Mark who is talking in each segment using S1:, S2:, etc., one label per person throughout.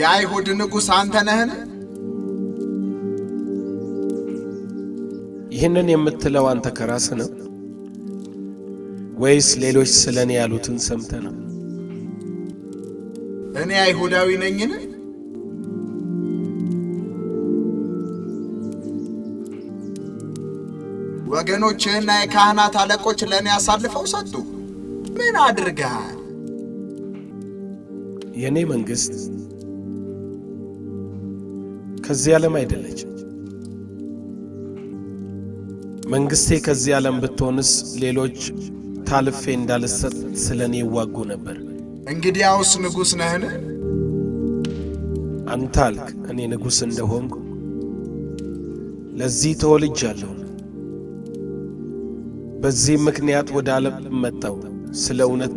S1: የአይሁድ ንጉሥ አንተ ነህን?
S2: ይህንን የምትለው አንተ ከራስ ነው ወይስ ሌሎች ስለ እኔ ያሉትን ሰምተ ነው?
S1: እኔ አይሁዳዊ ነኝን? ወገኖችህና የካህናት አለቆች ለእኔ አሳልፈው ሰጡ። ምን አድርገሃል?
S2: የእኔ መንግሥት ከዚህ ዓለም አይደለች። መንግሥቴ ከዚህ ዓለም ብትሆንስ ሌሎች ታልፌ እንዳልሰጥ ስለ እኔ ይዋጉ ነበር።
S1: እንግዲያውስ ንጉሥ ነህን?
S2: አንተ አልክ እኔ ንጉሥ እንደሆንኩ ለዚህ ተወልጃለሁ። በዚህ ምክንያት ወደ ዓለም መጣው፣ ስለ እውነት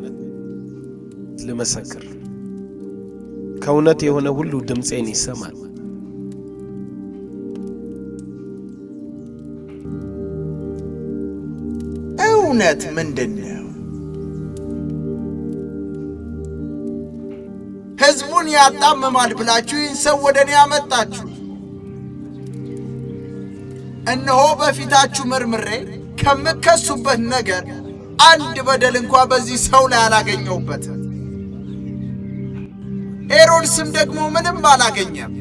S2: ልመሰክር። ከእውነት የሆነ ሁሉ ድምፄን ይሰማል።
S1: እውነት ምንድን ነው? ሕዝቡን ያጣምማል ብላችሁ ይህን ሰው ወደ እኔ አመጣችሁ። እነሆ በፊታችሁ ምርምሬ ከምከሱበት ነገር አንድ በደል እንኳ በዚህ ሰው ላይ አላገኘሁበትም። ሄሮድስም ደግሞ ምንም አላገኘም፣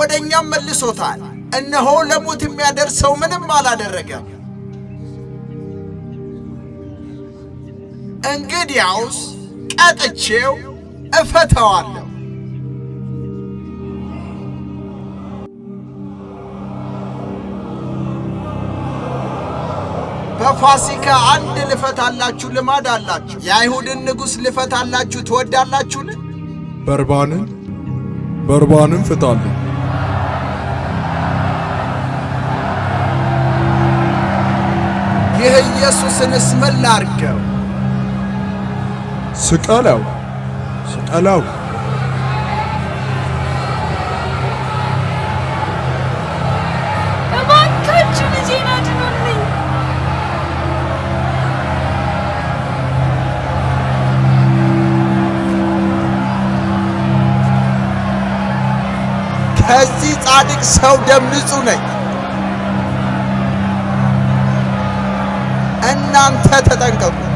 S1: ወደ እኛም መልሶታል። እነሆ ለሞት የሚያደርሰው ምንም አላደረገም። እንግዲያውስ ቀጥቼው እፈተዋለሁ። በፋሲካ አንድ ልፈታላችሁ ልማድ አላችሁ። የአይሁድን ንጉሥ ልፈታላችሁ ትወዳላችሁን?
S2: በርባንን በርባንን ፍታለን።
S1: ይህ ኢየሱስን ምን አርገው።
S2: ስቀለው፣ ስቀለው።
S3: እባካችሁ ልጄን አድኑልኝ።
S1: ከዚህ ጻድቅ ሰው ደም ንጹሕ ነኝ። እናንተ ተጠንቀቁ።